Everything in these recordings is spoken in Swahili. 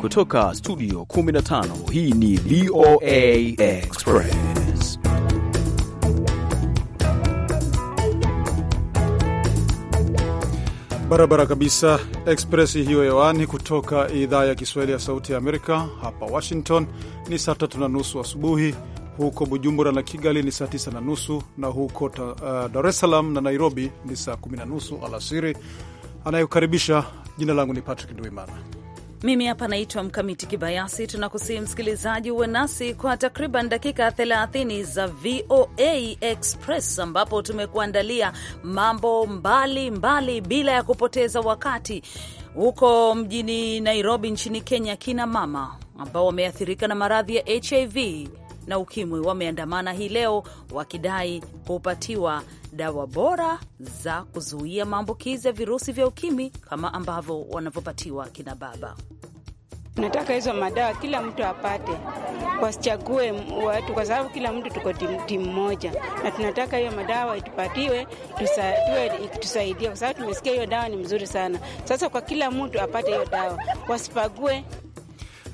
Kutoka studio 15 hii ni VOA Express. Barabara kabisa, Express hiyo hewani kutoka idhaa ya Kiswahili ya Sauti ya Amerika. Hapa Washington ni saa tatu na nusu asubuhi, huko Bujumbura na Kigali ni saa tisa na nusu na huko uh, Dar es Salaam na Nairobi ni saa kumi na nusu alasiri. Anayekaribisha jina langu ni Patrick Ndwimana mimi hapa naitwa Mkamiti Kibayasi. Tunakusihi msikilizaji uwe nasi kwa takriban dakika 30 za VOA Express, ambapo tumekuandalia mambo mbalimbali mbali, bila ya kupoteza wakati. Huko mjini Nairobi nchini Kenya, kina mama ambao wameathirika na maradhi ya HIV na ukimwi wameandamana hii leo wakidai kupatiwa dawa bora za kuzuia maambukizi ya virusi vya ukimwi kama ambavyo wanavyopatiwa kina baba. Nataka hizo madawa kila mtu apate, wasichague watu, kwa sababu kila mtu tuko timu moja, na tunataka hiyo madawa itupatiwe, ikitusaidia kwa sababu tumesikia hiyo dawa ni mzuri sana. Sasa kwa kila mtu apate hiyo dawa, wasipague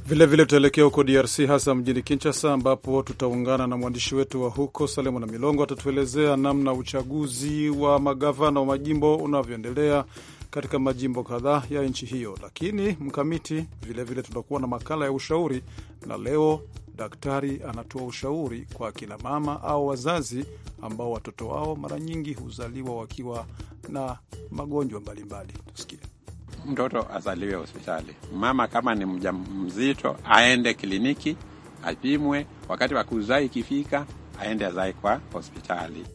Vilevile tutaelekea huko DRC, hasa mjini Kinshasa, ambapo tutaungana na mwandishi wetu wa huko Salemo na Milongo atatuelezea namna uchaguzi wa magavana wa majimbo unavyoendelea katika majimbo kadhaa ya nchi hiyo. Lakini mkamiti, vilevile tutakuwa na makala ya ushauri, na leo daktari anatoa ushauri kwa akinamama au wazazi ambao watoto wao mara nyingi huzaliwa wakiwa na magonjwa mbalimbali. Tusikie mtoto azaliwe hospitali. Mama kama ni mja mzito aende kliniki apimwe, wakati wa kuzaa ikifika aende azae kwa hospitali.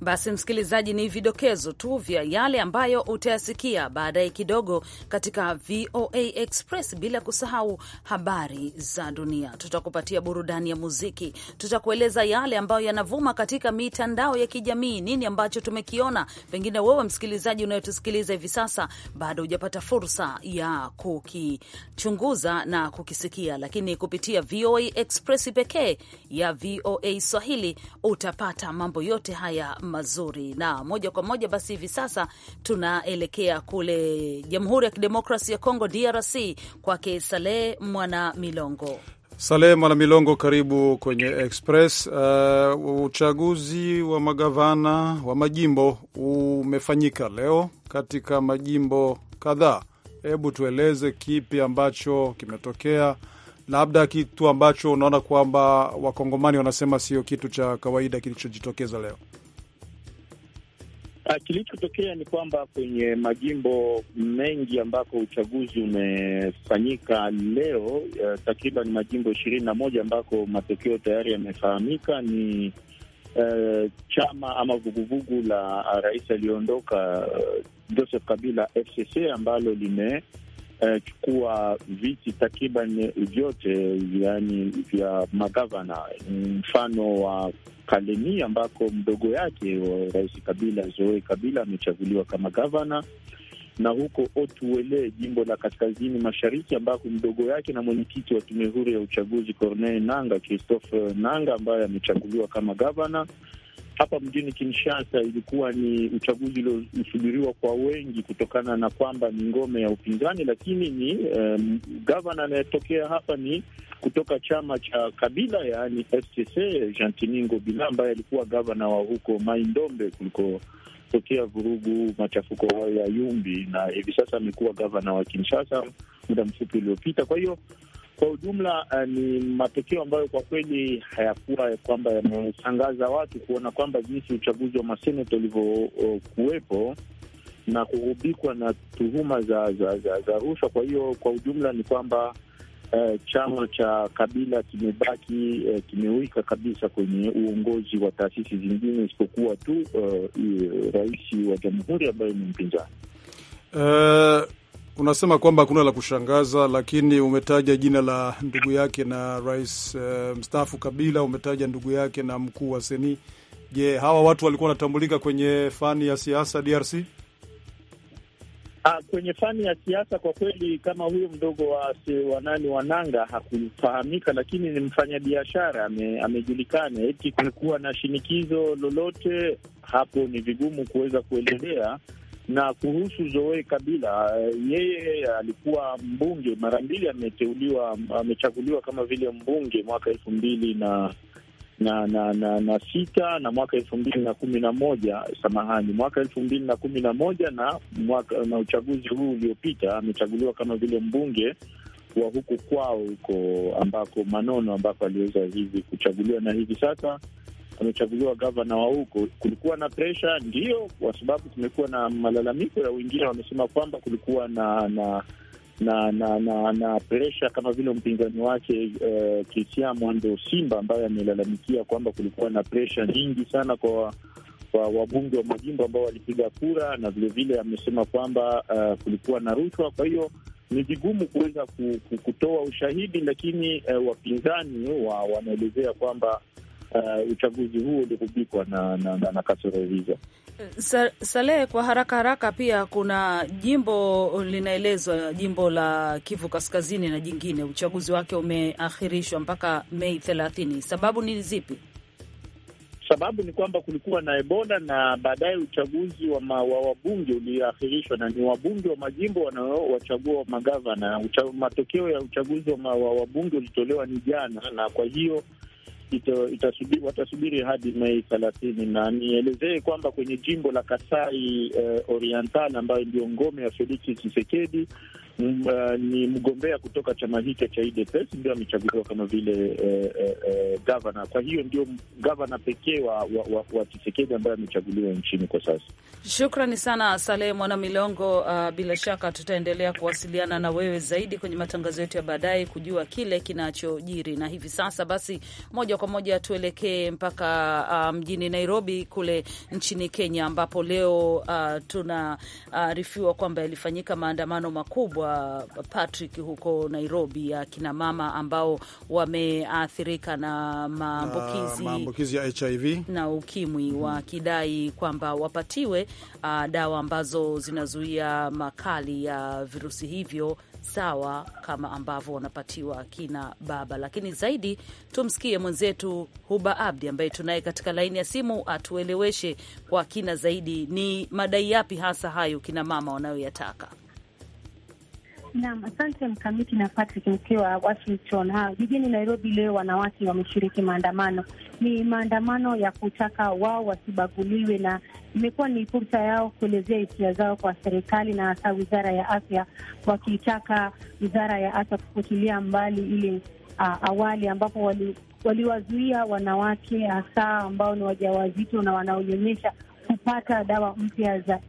Basi msikilizaji, ni vidokezo tu vya yale ambayo utayasikia baadaye kidogo katika VOA Express, bila kusahau habari za dunia. Tutakupatia burudani ya muziki, tutakueleza yale ambayo yanavuma katika mitandao ya kijamii, nini ambacho tumekiona. Pengine wewe msikilizaji unayetusikiliza hivi sasa bado hujapata fursa ya kukichunguza na kukisikia, lakini kupitia VOA Express pekee ya VOA Swahili utapata mambo yote haya mazuri. Na moja kwa moja basi, hivi sasa tunaelekea kule Jamhuri ya Kidemokrasi ya Kongo, DRC, kwake Saleh Mwana Milongo. Saleh Mwana Milongo, karibu kwenye Express. Uh, uchaguzi wa magavana wa majimbo umefanyika leo katika majimbo kadhaa. Hebu tueleze kipi ambacho kimetokea, labda kitu ambacho unaona kwamba wakongomani wanasema sio kitu cha kawaida kilichojitokeza leo. Ah, kilichotokea ni kwamba kwenye majimbo mengi ambako uchaguzi umefanyika leo uh, takriban majimbo ishirini na moja ambako matokeo tayari yamefahamika ni uh, chama ama vuguvugu la rais aliyoondoka eh, Joseph Kabila FCC ambalo lime eh, chukua viti takriban vyote yani vya magavana, mfano wa Kalemi ambako mdogo yake Rais Kabila Zoe Kabila amechaguliwa kama gavana na huko Otuele, jimbo la kaskazini mashariki, ambako mdogo yake na mwenyekiti wa tume huru ya uchaguzi Corneille Nanga, Christophe Nanga, ambaye amechaguliwa kama gavana hapa mjini Kinshasa ilikuwa ni uchaguzi uliosubiriwa kwa wengi kutokana na kwamba ni ngome ya upinzani, lakini ni um, eh, gavana anayetokea hapa ni kutoka chama cha Kabila, yaani FCC, Jantini Ngobila ambaye alikuwa gavana wa huko maindombe kulikotokea vurugu machafuko hayo ya Yumbi, na hivi sasa amekuwa gavana wa Kinshasa muda mfupi uliopita. Kwa hiyo kwa ujumla uh, ni matokeo ambayo kwa kweli hayakuwa kwamba yameshangaza watu kuona kwamba jinsi uchaguzi wa maseneta ulivyokuwepo eh, na kuhubikwa na tuhuma za za, za, za rushwa. Kwa hiyo kwa ujumla ni kwamba uh, chama cha Kabila kimebaki uh, kimewika kabisa kwenye uongozi wa taasisi zingine isipokuwa tu uh, rais wa jamhuri ambaye ni mpinzani uh unasema kwamba hakuna la kushangaza, lakini umetaja jina la ndugu yake na rais uh, mstaafu Kabila, umetaja ndugu yake na mkuu wa seni. Je, hawa watu walikuwa wanatambulika kwenye fani ya siasa DRC? Ah, kwenye fani ya siasa kwa kweli, kama huyu mdogo wa wanani Wananga hakufahamika, lakini ni mfanyabiashara ame, amejulikana. Eti kulikuwa na shinikizo lolote hapo, ni vigumu kuweza kuelezea na kuhusu Zoe Kabila, eh, yeye alikuwa mbunge mara mbili, ameteuliwa amechaguliwa kama vile mbunge mwaka elfu mbili na na na na na sita na mwaka elfu mbili na kumi na moja samahani, mwaka elfu mbili na kumi na moja na mwaka na uchaguzi huu uliopita amechaguliwa kama vile mbunge wa huku kwao huko ambako Manono ambako aliweza hivi kuchaguliwa, na hivi sasa amechaguliwa gavana wa huko. Kulikuwa na presha, ndio kwa sababu kumekuwa na malalamiko ya wengine, wamesema kwamba kulikuwa na na na na na, na presha kama vile mpinzani wake uh, eh, Mwando Simba ambaye amelalamikia kwamba kulikuwa na presha nyingi sana kwa kwa wabunge wa majimbo ambao walipiga kura, na vilevile amesema kwamba uh, kulikuwa na rushwa. Kwa hiyo ni vigumu kuweza kutoa ushahidi, lakini uh, wapinzani wa, wanaelezea kwamba uh, uchaguzi huo ulikubikwa na, na, na, na kasoro hizo. Sa, Salehe, kwa haraka haraka, pia kuna jimbo linaelezwa jimbo la Kivu Kaskazini na jingine uchaguzi wake umeakhirishwa mpaka Mei thelathini. Sababu ni zipi? Sababu ni kwamba kulikuwa na Ebola na baadaye uchaguzi wa, ma, wa wabunge uliahirishwa, na ni wabunge wa majimbo wanaowachagua magavana. Matokeo ya uchaguzi wa, ma, wa wabunge ulitolewa ni jana, na kwa hiyo ito, itasubiri, watasubiri hadi Mei thelathini, na nielezee kwamba kwenye jimbo la Kasai eh, Oriental ambayo ndio ngome ya Felix chisekedi uh, ni mgombea kutoka chama hicho cha UDPS ndio amechaguliwa kama vile eh, eh, eh gavana. Kwa hiyo ndio gavana pekee wa, wa, wa Tshisekedi ambaye amechaguliwa nchini kwa sasa. Shukrani sana Saleh Mwana Milongo. Uh, bila shaka tutaendelea kuwasiliana na wewe zaidi kwenye matangazo yetu ya baadaye kujua kile kinachojiri, na hivi sasa basi moja kwa moja tuelekee mpaka uh, mjini um, Nairobi kule nchini Kenya ambapo leo uh, tunaarifiwa uh, kwamba yalifanyika maandamano makubwa anaitwa Patrick huko Nairobi, ya kinamama ambao wameathirika na maambukizi maambukizi ya HIV na ukimwi, mhm. wakidai kwamba wapatiwe uh, dawa ambazo zinazuia makali ya virusi hivyo sawa kama ambavyo wanapatiwa akina baba. Lakini zaidi tumsikie mwenzetu Huba Abdi ambaye tunaye katika laini ya simu atueleweshe kwa kina zaidi ni madai yapi hasa hayo kinamama wanayoyataka. Naam, asante Mkamiti na Patrick mkiwa Washington. Ha, ah, jijini Nairobi leo wanawake wameshiriki maandamano. Ni maandamano ya kutaka wao wasibaguliwe, na imekuwa ni fursa yao kuelezea hisia zao kwa serikali na hasa wizara ya afya, wakitaka wizara ya afya kufutilia mbali ile uh, awali ambapo wali, waliwazuia wanawake hasa ambao ni wajawazito na wanaonyonyesha kupata dawa mpya za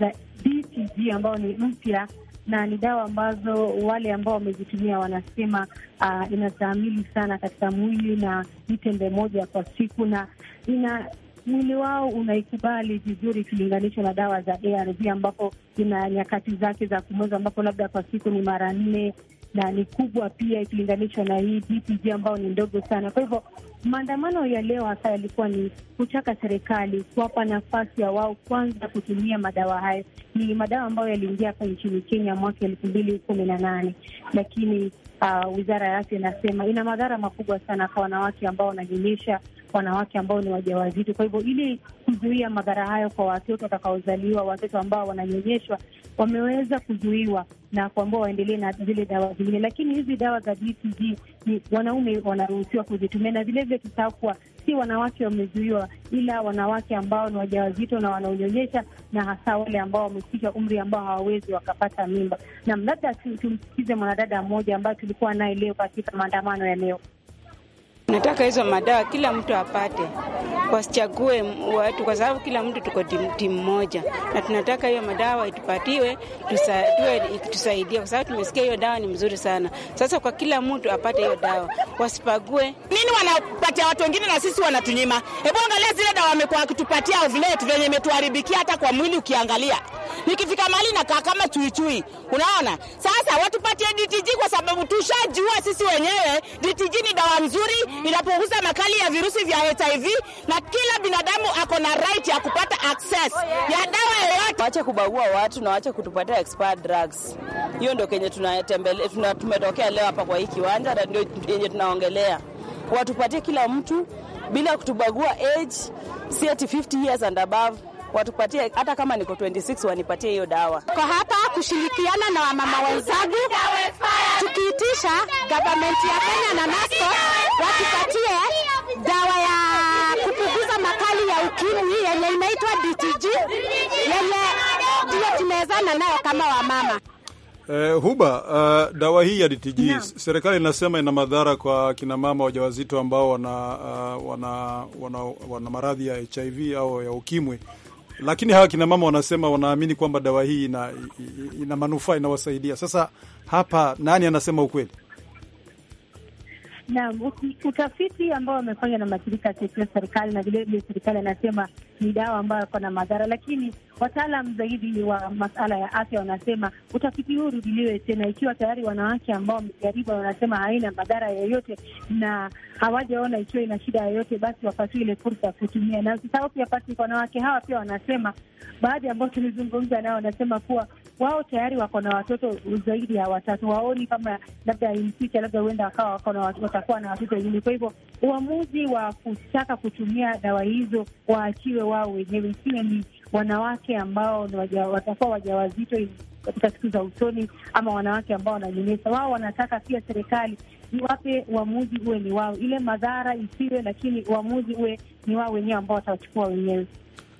za DTG ni mpya na ni dawa ambazo wale ambao wamezitumia wanasema uh, inastahimili sana katika mwili na ni tembe moja kwa siku na ina mwili wao unaikubali vizuri ikilinganishwa na dawa za ARV ambapo ina nyakati zake za kumeza, ambapo labda kwa siku ni mara nne na ni kubwa pia ikilinganishwa na hii DPG ambayo ni ndogo sana. Kwa hivyo maandamano ya leo hasa yalikuwa ni kutaka serikali kuwapa nafasi ya wao kwanza kutumia madawa hayo. Ni madawa ambayo yaliingia hapa nchini Kenya mwaka elfu mbili kumi na nane, lakini uh, wizara ya afya inasema ina madhara makubwa sana kwa wanawake ambao wananyonyesha, wanawake ambao ni wajawazito. Kwa hivyo ili kuzuia madhara hayo kwa watoto watakaozaliwa, watoto ambao wananyonyeshwa, wameweza kuzuiwa na kuambiwa waendelee na zile dawa zingine, lakini hizi dawa za BCG ni wanaume wanaruhusiwa kuzitumia, na vilevile tusahau kuwa si wanawake wamezuiwa, ila wanawake ambao ni wajawazito na wanaonyonyesha, na hasa wale ambao wamefika umri ambao hawawezi wakapata mimba. Nam, labda tumsikize mwanadada mmoja ambaye tulikuwa naye leo katika maandamano ya leo. Nataka hizo madawa kila mtu apate, wasichague watu, kwa sababu kila mtu tuko timu moja, na tunataka hiyo madawa itupatiwe, ikitusaidia, kwa sababu tumesikia hiyo dawa ni mzuri sana. Sasa kwa kila mtu apate hiyo dawa, wasipague nini wanapatia watu wengine na sisi wanatunyima. Hebu angalia zile dawa wamekuwa wakitupatia vile vyenye imetuharibikia hata kwa mwili ukiangalia nikifika mali nakaa kama chuichui. Unaona, sasa watupatie DTG kwa sababu tushajua sisi wenyewe DTG ni dawa nzuri, inapunguza makali ya virusi vya HIV na kila binadamu ako na right ya kupata access oh, ya dawa yoyote. Wache kubagua watu na wache kutupatia expired drugs. Hiyo ndio kenye tunatembelea, tuna tumetokea leo hapa kwa hii kiwanja, na ndio yenye tunaongelea, watupatie kila mtu bila kutubagua age, si ati 50 years and above watupatie hata kama niko 26 wanipatie hiyo dawa. Kwa hapa kushirikiana na wamama wenzangu, tukiitisha government ya Kenya na NASCO watupatie dawa ya kupunguza makali ya ukimwi yenye inaitwa dtg yenye ndio tumewezana nayo kama wamama. Eh, Huba, uh, dawa hii ya DTG no. Serikali inasema ina madhara kwa kinamama wajawazito ambao wana, uh, wana, wana, wana maradhi ya HIV au ya ukimwi lakini hawa kina mama wanasema wanaamini kwamba dawa hii ina, ina manufaa inawasaidia. Sasa hapa nani anasema ukweli? Naam, utafiti ambao wamefanywa na mashirika ya serikali na vilevile serikali anasema ni dawa ambayo iko na madhara, lakini Wataalam zaidi wa masala ya afya wanasema utafiti huu urudiliwe tena, ikiwa tayari wanawake ambao wamejaribu wanasema haina madhara yoyote na hawajaona ikiwa ina shida yoyote, basi wapatiwe ile fursa ya kutumia. Na usisahau pia pati, wanawake hawa pia wanasema, baadhi ambao tulizungumza nao wanasema kuwa wao tayari wako na watoto zaidi ya watatu, waoni kama labda impicha, labda huenda wakawa wako na watakuwa na watoto wengine. Kwa hivyo uamuzi wa kutaka kutumia dawa hizo waachiwe wao wenyewe, ikiwe ni wanawake ambao watakuwa wajawazito katika siku za usoni, ama wanawake ambao wananyonyesha, wao wanataka pia serikali iwape uamuzi uwe ni wao, ile madhara isiwe, lakini uamuzi uwe ni wao wenyewe ambao watawachukua wenyewe.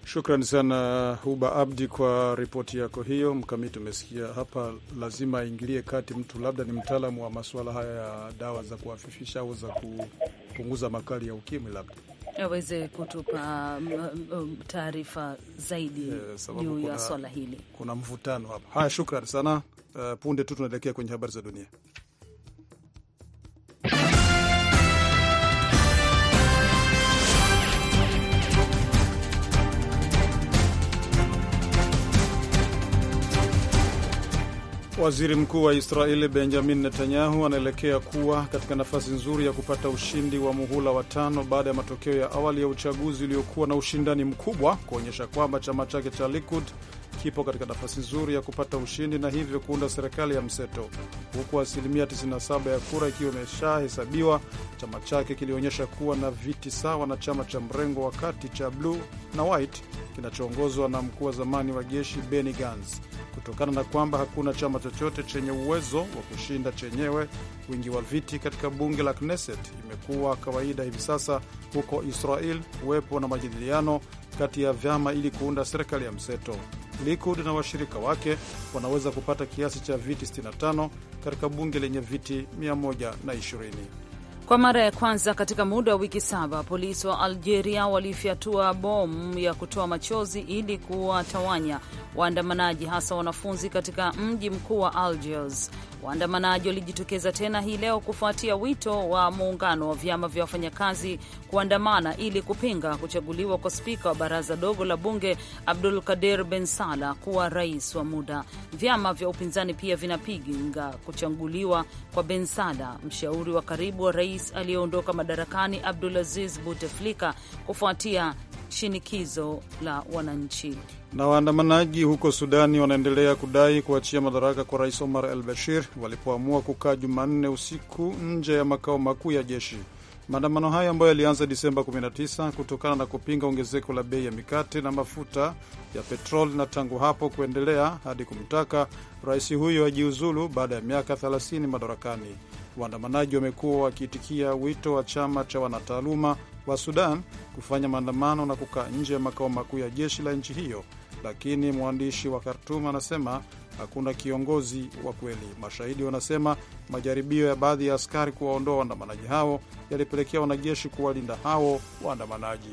Shukran sana Huba Abdi kwa ripoti yako hiyo. Mkamiti, umesikia hapa, lazima aingilie kati mtu, labda ni mtaalamu wa masuala haya ya dawa za kuafifisha au za kupunguza makali ya ukimwi labda aweze kutupa mm, mm, taarifa zaidi eh, juu ya swala hili. Kuna mvutano hapa. Haya, shukran sana. Uh, punde tu tunaelekea kwenye habari za dunia. Waziri Mkuu wa Israeli Benjamin Netanyahu anaelekea kuwa katika nafasi nzuri ya kupata ushindi wa muhula wa tano baada ya matokeo ya awali ya uchaguzi uliokuwa na ushindani mkubwa kuonyesha kwamba chama chake cha Likud kipo katika nafasi nzuri ya kupata ushindi na hivyo kuunda serikali ya mseto. Huku asilimia 97 ya kura ikiwa imeshahesabiwa, chama chake kilionyesha kuwa na viti sawa na chama cha mrengo wa kati cha bluu na white kinachoongozwa na mkuu wa zamani wa jeshi Benny Gantz kutokana na kwamba hakuna chama chochote chenye uwezo wa kushinda chenyewe wingi wa viti katika bunge la Knesset. Imekuwa kawaida hivi sasa huko Israel kuwepo na majadiliano kati ya vyama ili kuunda serikali ya mseto. Likud na washirika wake wanaweza kupata kiasi cha viti 65 katika bunge lenye viti 120. Kwa mara ya kwanza katika muda wa wiki saba, polisi wa Algeria walifyatua bomu ya kutoa machozi ili kuwatawanya waandamanaji, hasa wanafunzi katika mji mkuu wa Algiers. Waandamanaji walijitokeza tena hii leo kufuatia wito wa muungano wa vyama vya wafanyakazi kuandamana ili kupinga kuchaguliwa kwa spika wa baraza dogo la bunge Abdul Kader Ben Sala kuwa rais wa muda. Vyama vya upinzani pia vinapinga kuchaguliwa kwa Ben Sala, mshauri wa karibu wa rais rais aliyeondoka madarakani Abdulaziz Buteflika kufuatia shinikizo la wananchi. Na waandamanaji huko Sudani wanaendelea kudai kuachia madaraka kwa rais Omar al Bashir walipoamua kukaa Jumanne usiku nje ya makao makuu ya jeshi. Maandamano hayo ambayo yalianza Disemba 19 kutokana na kupinga ongezeko la bei ya mikate na mafuta ya petroli, na tangu hapo kuendelea hadi kumtaka rais huyo ajiuzulu baada ya miaka 30 madarakani. Waandamanaji wamekuwa wakiitikia wito wa chama cha wanataaluma wa Sudan kufanya maandamano na kukaa nje ya makao makuu ya jeshi la nchi hiyo, lakini mwandishi wa Khartum anasema hakuna kiongozi wa kweli. Mashahidi wanasema majaribio ya baadhi ya askari kuwaondoa waandamanaji hao yalipelekea wanajeshi kuwalinda hao waandamanaji.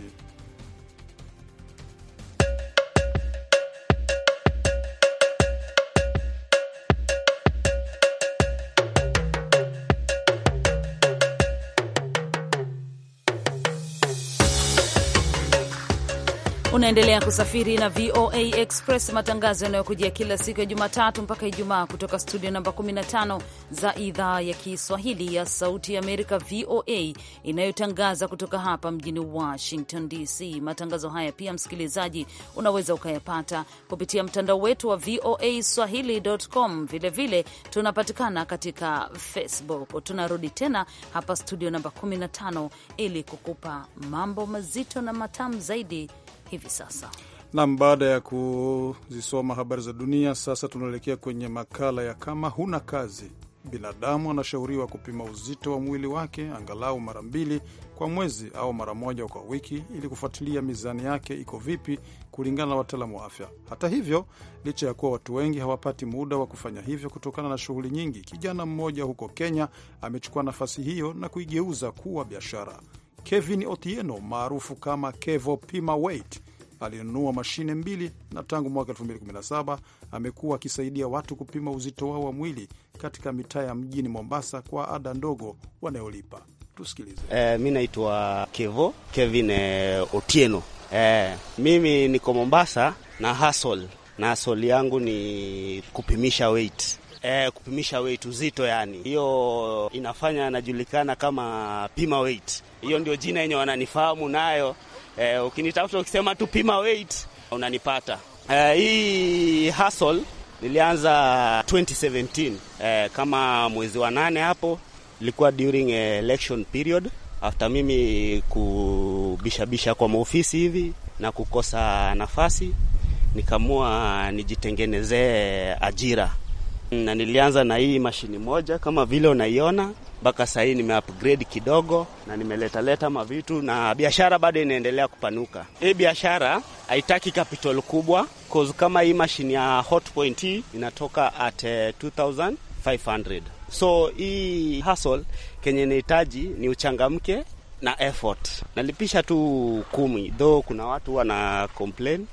Unaendelea kusafiri na VOA Express, matangazo yanayokujia kila siku ya Jumatatu mpaka Ijumaa kutoka studio namba 15 za idhaa ya Kiswahili ya Sauti ya Amerika, VOA, inayotangaza kutoka hapa mjini Washington DC. Matangazo haya pia, msikilizaji, unaweza ukayapata kupitia mtandao wetu wa VOA Swahili.com. Vilevile tunapatikana katika Facebook. Tunarudi tena hapa studio namba 15 ili kukupa mambo mazito na matamu zaidi hivi sasa. Nam, baada ya kuzisoma habari za dunia, sasa tunaelekea kwenye makala ya kama huna kazi. Binadamu anashauriwa kupima uzito wa mwili wake angalau mara mbili kwa mwezi au mara moja kwa wiki ili kufuatilia mizani yake iko vipi, kulingana na wataalamu wa afya. Hata hivyo, licha ya kuwa watu wengi hawapati muda wa kufanya hivyo kutokana na shughuli nyingi, kijana mmoja huko Kenya amechukua nafasi hiyo na kuigeuza kuwa biashara. Kevin Otieno maarufu kama Kevo Pima Weight alinunua mashine mbili na tangu mwaka 2017 amekuwa akisaidia watu kupima uzito wao wa mwili katika mitaa ya mjini Mombasa kwa ada ndogo wanayolipa. Tusikilize. Eh, mi naitwa Kevo Kevin eh, Otieno. Eh, mimi niko Mombasa na hasol na hasol yangu ni kupimisha weight eh, kupimisha weight uzito, yani hiyo inafanya anajulikana kama pima weight. Hiyo ndio jina yenye wananifahamu nayo. Eh, ukinitafuta ukisema tu pima weight unanipata. Eh, hii hustle nilianza 2017 eh, kama mwezi wa nane hapo, ilikuwa during election period after mimi kubishabisha kwa maofisi hivi na kukosa nafasi, nikamua nijitengenezee ajira na nilianza na hii mashini moja kama vile unaiona mpaka saa hii upgrade kidogo na nimeletaleta mavitu na biashara bado inaendelea kupanuka. Hii biashara haitaki capital kubwa cause kama hii mashini ya Hotpoint hii inatoka at 2500 eh, so hii hustle kenye inahitaji ni uchangamke na effort. Nalipisha tu kumi though kuna watu wana complain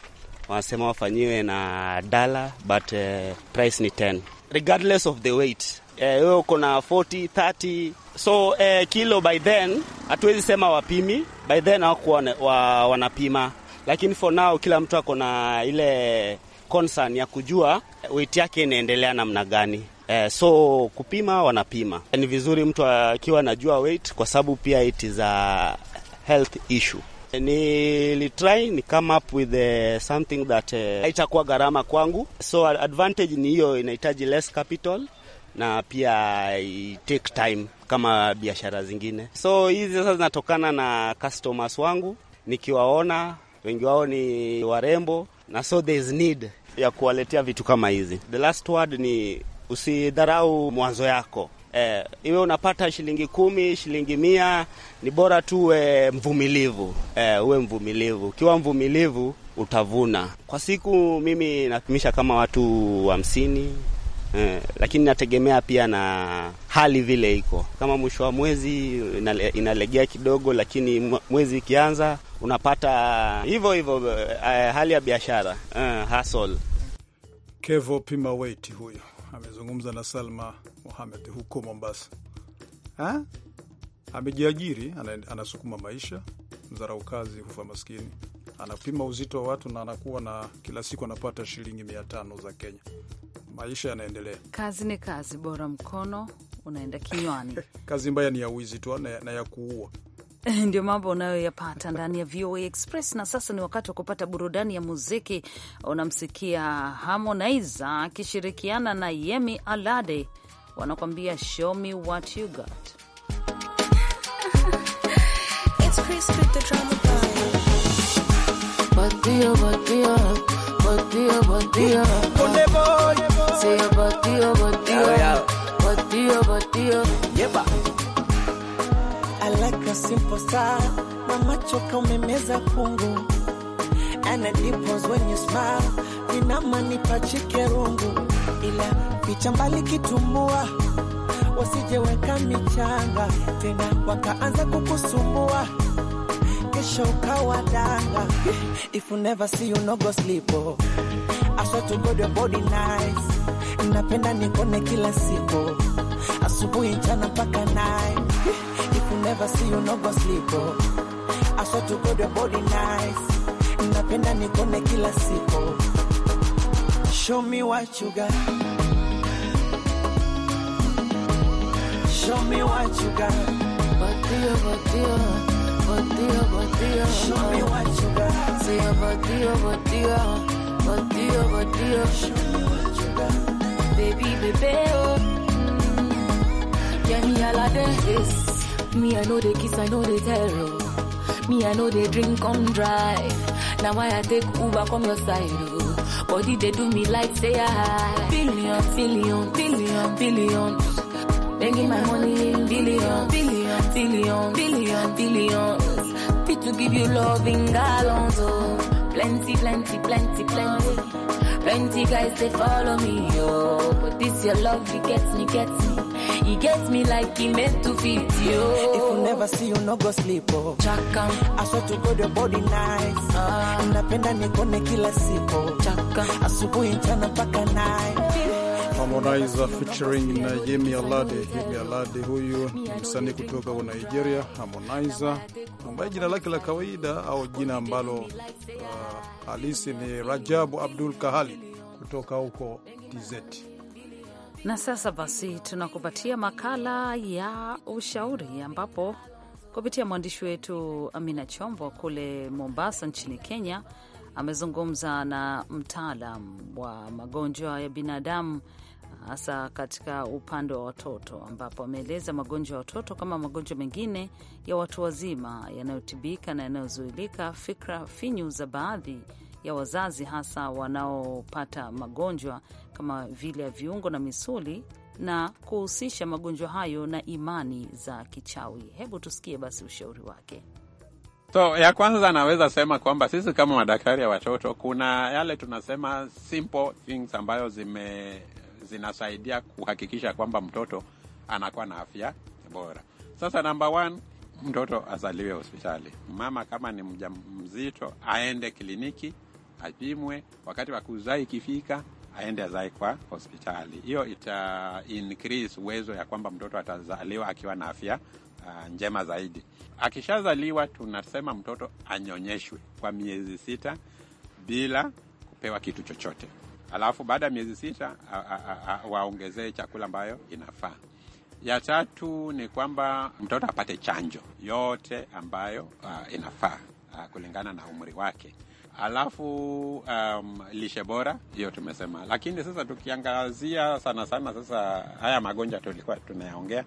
wanasema wafanyiwe na dala but uh, price ni regardless of the weight eh, wewe uh, uko na 40 30 so uh, kilo by then hatuwezi sema wapimi by then hawakuwa wa, wanapima, lakini for now kila mtu ako na ile concern ya kujua weight yake inaendelea namna gani. Uh, so kupima wanapima, ni vizuri mtu akiwa anajua weight, kwa sababu pia it is a health issue. Nilitry ni come up with uh, something that uh, eh, itakuwa gharama kwangu, so advantage ni hiyo, inahitaji less capital na pia take time kama biashara zingine. So hizi sasa zinatokana na customers wangu, nikiwaona wengi wao ni warembo, na so there is need ya kuwaletea vitu kama hizi. The last word ni usidharau mwanzo yako eh, iwe unapata shilingi kumi, shilingi mia, ni bora tu eh, mvumilivu eh, uwe mvumilivu. Ukiwa mvumilivu utavuna. Kwa siku mimi napimisha kama watu hamsini wa eh, lakini nategemea pia na hali vile iko. Kama mwisho wa mwezi inalegea kidogo, lakini mwezi ikianza unapata hivyo hivyo. Eh, hali ya biashara eh, hustle. Kevo Pimaweti huyo amezungumza na Salma Mohamed huko Mombasa. Ha? Amejiajiri, anasukuma maisha, mzarau kazi hufa maskini, anapima uzito wa watu na anakuwa na kila siku anapata shilingi mia tano za Kenya. Maisha yanaendelea. Kazi ni kazi, bora mkono unaenda kinywani. kazi mbaya ni ya wizi tu na ya kuua Ndio mambo unayoyapata ndani ya VOA Express. Na sasa ni wakati wa kupata burudani ya muziki. Unamsikia Harmonize akishirikiana na Yemi Alade, wanakuambia show me what you got. It's upo saa na macho umemeza kungu and it dimples when you smile pachike rungu ila picha mbali kitumbua wasijeweka michanga tena wakaanza kukusumbua kesho ukawadanga if you never see you no go sleep oh. I swear to God your body nice napenda nikone kila siku asubuhi mchana mpaka night never see you no go sleep oh. I swear to God your body nice, napenda nikone kila siku. Show me what you got, show me what you got. Batia, batia, batia, batia. Show me what you got. Say batia, batia, batia, batia. Show me what you got, baby, baby oh. Yani alade is. Me, I know they kiss, I know they tell. Me, I know they drink, come drive. Now why I take Uber from your side, What oh. Body, they do me like say I. Ah, billion, billion, billion, billion. Making my money in billion, billion, billion, billion, billions. Fit to give you love in gallons, oh. Plenty, plenty, plenty, plenty. Plenty guys, they follow me, oh. But this your love, it gets me, gets me. He gets me like he meant to fit you. If you never see you, no go sleep. Oh. Chaka. I swear to God your body nice. Ah. Napenda nikone kila siku. Chaka. Asubuhi mchana mpaka night. Harmonize featuring na uh, Yemi Alade. Yemi Alade huyu ni msanii kutoka wa Nigeria, Harmonize ambaye jina lake la kawaida au jina ambalo uh, halisi ni Rajabu Abdul Kahali kutoka huko Tizeti. Na sasa basi tunakupatia makala ya ushauri ambapo kupitia mwandishi wetu Amina Chombo kule Mombasa nchini Kenya amezungumza na mtaalam wa magonjwa ya binadamu hasa katika upande wa watoto, ambapo ameeleza magonjwa ya watoto kama magonjwa mengine ya watu wazima yanayotibika na yanayozuilika, fikra finyu za baadhi ya wazazi hasa wanaopata magonjwa kama vile ya viungo na misuli na kuhusisha magonjwa hayo na imani za kichawi. Hebu tusikie basi ushauri wake. So ya kwanza naweza sema kwamba sisi kama madaktari ya watoto, kuna yale tunasema simple things ambayo zime zinasaidia kuhakikisha kwamba mtoto anakuwa na afya bora. Sasa namba one, mtoto azaliwe hospitali. Mama kama ni mja mzito aende kliniki apimwe, wakati wa kuzaa ikifika aende azae kwa hospitali. Hiyo ita increase uwezo ya kwamba mtoto atazaliwa akiwa na afya uh, njema zaidi. Akishazaliwa tunasema mtoto anyonyeshwe kwa miezi sita bila kupewa kitu chochote, alafu baada ya miezi sita waongezee chakula ambayo inafaa. Ya tatu ni kwamba mtoto apate chanjo yote ambayo uh, inafaa uh, kulingana na umri wake alafu um, lishe bora, hiyo tumesema. Lakini sasa tukiangazia sana sana sasa haya magonjwa tulikuwa tunayaongea,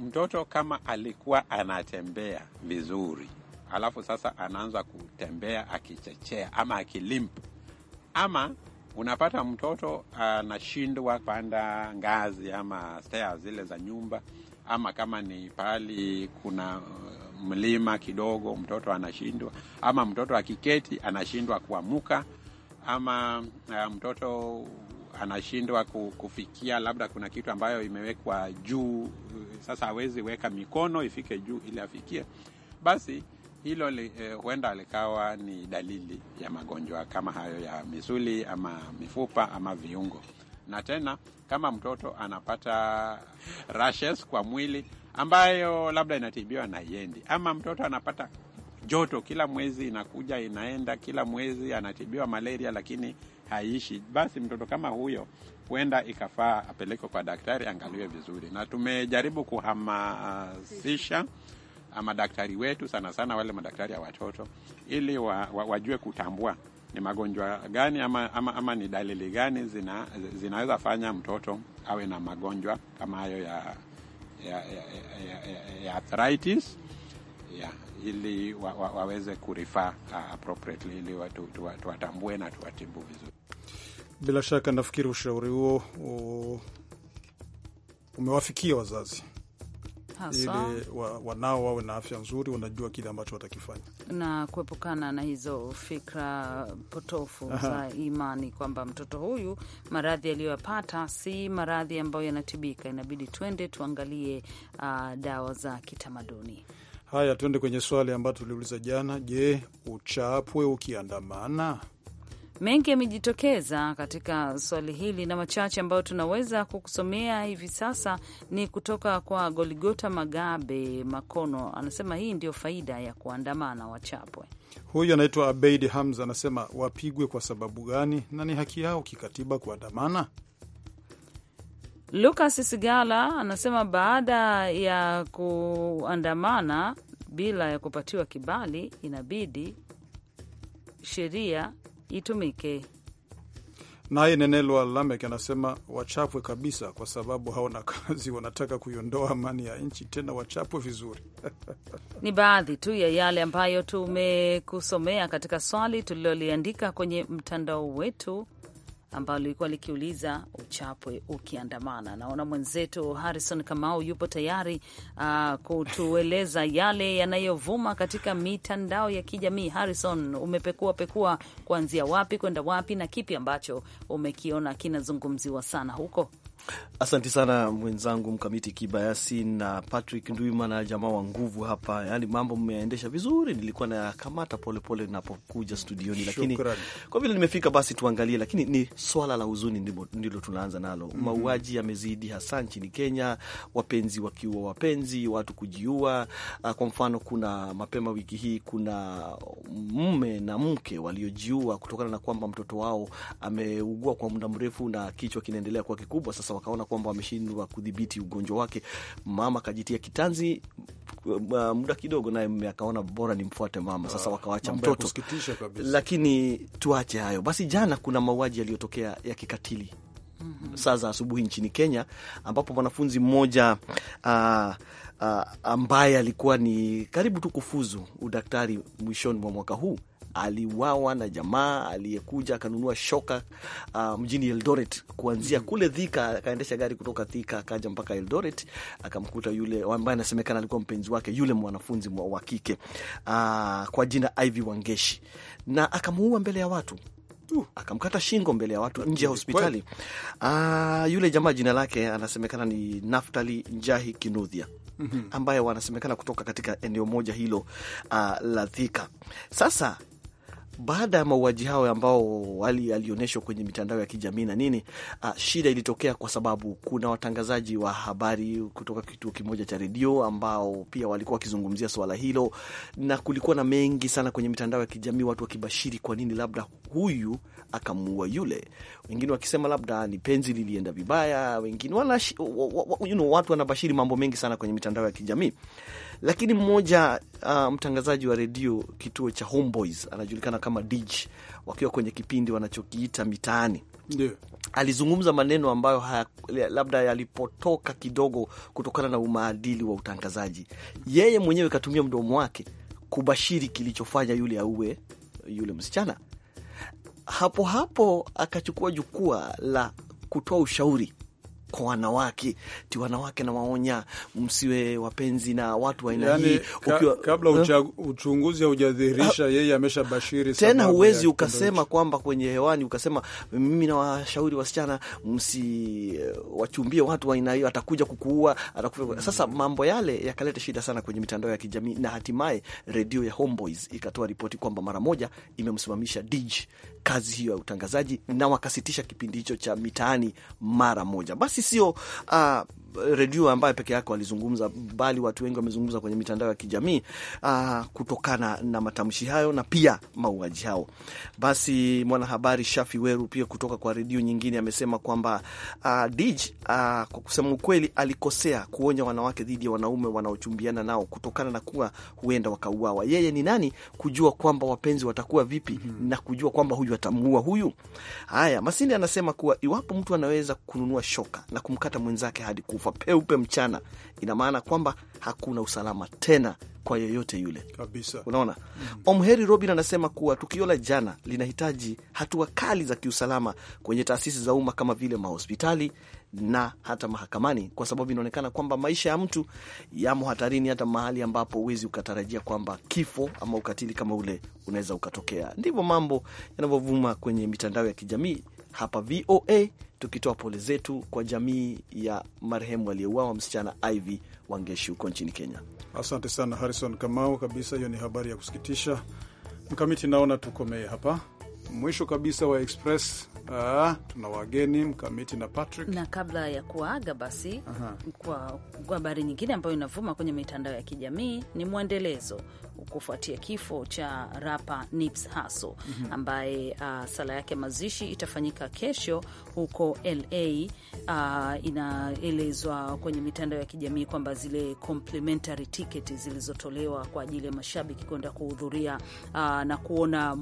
mtoto kama alikuwa anatembea vizuri, alafu sasa anaanza kutembea akichechea ama akilimp ama Unapata mtoto anashindwa kupanda ngazi ama stairs zile za nyumba, ama kama ni pahali kuna uh, mlima kidogo, mtoto anashindwa, ama mtoto akiketi anashindwa kuamuka, ama uh, mtoto anashindwa kufikia, labda kuna kitu ambayo imewekwa juu, uh, sasa hawezi weka mikono ifike juu ili afikie, basi hilo li, eh, huenda likawa ni dalili ya magonjwa kama hayo ya misuli ama mifupa ama viungo. Na tena kama mtoto anapata rashes kwa mwili ambayo labda inatibiwa na yendi, ama mtoto anapata joto kila mwezi inakuja inaenda, kila mwezi anatibiwa malaria lakini haishi, basi mtoto kama huyo huenda ikafaa apelekwe kwa daktari angaliwe vizuri, na tumejaribu kuhamasisha madaktari wetu, sana sana wale madaktari ya watoto, ili wa, wa, wajue kutambua ni magonjwa gani ama, ama, ama ni dalili gani zina, zinaweza fanya mtoto awe na magonjwa kama hayo ya, ya, ya, ya, ya arthritis ya, ili wa, wa, waweze kurifaa uh, appropriately ili tuwatambue na tuwatibu vizuri. Bila shaka nafikiri ushauri huo umewafikia wazazi ili wanao wawe na afya nzuri, wanajua kile ambacho watakifanya na kuepukana na hizo fikra potofu Aha. za imani kwamba mtoto huyu maradhi aliyoyapata si maradhi ambayo yanatibika, inabidi twende tuangalie uh, dawa za kitamaduni. Haya, tuende kwenye swali ambayo tuliuliza jana. Je, uchapwe ukiandamana mengi yamejitokeza katika swali hili na machache ambayo tunaweza kukusomea hivi sasa ni kutoka kwa Goligota Magabe Makono, anasema hii ndio faida ya kuandamana, wachapwe. Huyu anaitwa Abeid Hamza, anasema wapigwe kwa sababu gani na ni haki yao kikatiba kuandamana. Lukas Sigala anasema baada ya kuandamana bila ya kupatiwa kibali, inabidi sheria itumike. Naye Nenelwa Lamek anasema wachapwe kabisa, kwa sababu haona kazi, wanataka kuiondoa amani ya nchi, tena wachapwe vizuri. Ni baadhi tu ya yale ambayo tumekusomea katika swali tuliloliandika kwenye mtandao wetu ambalo lilikuwa likiuliza uchapwe ukiandamana. Naona mwenzetu Harrison Kamau yupo tayari uh, kutueleza yale yanayovuma katika mitandao ya kijamii. Harrison, umepekua pekua kuanzia wapi kwenda wapi, na kipi ambacho umekiona kinazungumziwa sana huko? Asanti sana mwenzangu Mkamiti Kibayasi na Patrick Ndwima na jamaa wa nguvu hapa, yaani mambo mmeyaendesha vizuri, nilikuwa nayakamata polepole napokuja studioni, lakini kwa vile nimefika basi tuangalie. Lakini ni swala la huzuni ndilo tunaanza nalo. mm -hmm. Mauaji yamezidi hasa nchini Kenya, wapenzi wakiua wapenzi, watu kujiua. Ah, kwa mfano, kuna mapema wiki hii kuna mume na mke waliojiua kutokana na kwamba mtoto wao ameugua kwa muda mrefu na kichwa kinaendelea kuwa kikubwa sasa wakaona kwamba wameshindwa kudhibiti ugonjwa wake. Mama kajitia kitanzi uh, muda kidogo, naye mme akaona bora nimfuate mama. Sasa ah, wakawacha mtoto, lakini tuache hayo basi. Jana kuna mauaji yaliyotokea ya kikatili mm -hmm. saa za asubuhi nchini Kenya ambapo mwanafunzi mmoja uh, uh, ambaye alikuwa ni karibu tu kufuzu udaktari mwishoni mwa mwaka huu aliwawa na jamaa aliyekuja akanunua shoka uh, mjini Eldoret kuanzia mm-hmm. kule Thika, akaendesha gari kutoka Thika akaja mpaka Eldoret, akamkuta yule ambaye anasemekana alikuwa mpenzi wake, yule mwanafunzi wa kike uh, kwa jina Ivy Wangeshi, na akamuua mbele ya watu. Uh, akamkata shingo mbele ya watu nje ya hospitali. Uh, yule jamaa jina lake anasemekana ni Naftali Njahi Kinudhia mm-hmm. ambaye wanasemekana kutoka katika eneo moja hilo, uh, la Thika. Sasa baada ya mauaji hayo ambao alionyeshwa kwenye mitandao ya kijamii na nini, uh, shida ilitokea kwa sababu kuna watangazaji wa habari kutoka kituo kimoja cha redio ambao pia walikuwa wakizungumzia swala hilo, na kulikuwa na mengi sana kwenye mitandao ya kijamii, watu wakibashiri kwa nini labda huyu akamuua yule, wengine wakisema labda ni penzi lilienda vibaya, wengine wana, you know, watu wanabashiri mambo mengi sana kwenye mitandao ya kijamii lakini mmoja uh, mtangazaji wa redio kituo cha Homeboys anajulikana kama Dj, wakiwa kwenye kipindi wanachokiita Mitaani yeah. Alizungumza maneno ambayo haya, labda yalipotoka kidogo kutokana na umaadili wa utangazaji. Yeye mwenyewe katumia mdomo wake kubashiri kilichofanya yule auwe yule msichana. Hapo hapo akachukua jukwaa la kutoa ushauri kwa wanawake ti wanawake na waonya msiwe wapenzi na watu wa aina yani, hii ka, kabla uh, uchunguzi haujadhihirisha uh, yeye bashiri tena. Huwezi ukasema kwamba kwenye hewani ukasema mimi na washauri wasichana msi eh, wachumbie watu wa aina hiyo, atakuja kukuua atakufa. Mm. Sasa mambo yale yakaleta shida sana kwenye mitandao ya kijamii na hatimaye redio ya Homeboys ikatoa ripoti kwamba mara moja imemsimamisha DJ kazi hiyo ya utangazaji na wakasitisha kipindi hicho cha mitaani mara moja. Basi sio uh, redio ambayo peke yake walizungumza, bali watu wengi wamezungumza kwenye mitandao ya kijamii uh, kutokana na matamshi hayo na pia mauaji hao. Basi mwanahabari Shafi Weru pia kutoka kwa redio nyingine amesema kwamba uh, Dij uh, kwa kusema ukweli alikosea kuonya wanawake dhidi ya wanaume wanaochumbiana nao kutokana na kuwa huenda wakauawa. Yeye ni nani kujua kwamba wapenzi watakuwa vipi mm -hmm. na kujua kwamba huyu atamuua huyu. Haya, Masini anasema kuwa iwapo mtu anaweza kununua shoka na kumkata mwenzake hadi kufa ghorofa peupe mchana, ina maana kwamba hakuna usalama tena kwa yoyote yule kabisa. Unaona, mm -hmm. Omheri Robin anasema kuwa tukio la jana linahitaji hatua kali za kiusalama kwenye taasisi za umma kama vile mahospitali na hata mahakamani, kwa sababu inaonekana kwamba maisha ya mtu yamo hatarini, hata mahali ambapo huwezi ukatarajia kwamba kifo ama ukatili kama ule unaweza ukatokea. Ndivyo mambo yanavyovuma kwenye mitandao ya kijamii hapa VOA tukitoa pole zetu kwa jamii ya marehemu aliyeuawa msichana Ivy Wangeshi huko nchini Kenya. Asante sana Harrison Kamau, kabisa hiyo ni habari ya kusikitisha. Mkamiti, naona tukomee hapa mwisho kabisa wa Express Uh, tuna wageni mkamiti na Patrick, na kabla ya kuaga basi, kwa habari nyingine ambayo inavuma kwenye mitandao ya kijamii ni mwendelezo kufuatia kifo cha rapa Nips Hasso mhm. ambaye uh, sala yake ya mazishi itafanyika kesho huko LA. Uh, inaelezwa kwenye mitandao ya kijamii kwamba zile complimentary ticket zilizotolewa kwa ajili ya mashabiki kwenda kuhudhuria uh, na kuona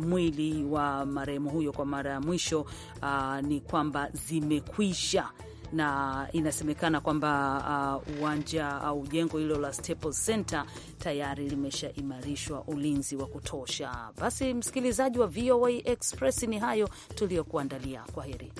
mwili wa marehemu huyo kwa mara mwisho uh, ni kwamba zimekwisha na inasemekana kwamba uh, uwanja uh, au jengo hilo la Staples Center tayari limeshaimarishwa ulinzi wa kutosha. Basi msikilizaji wa VOA Express, ni hayo tuliyokuandalia. Kwa heri.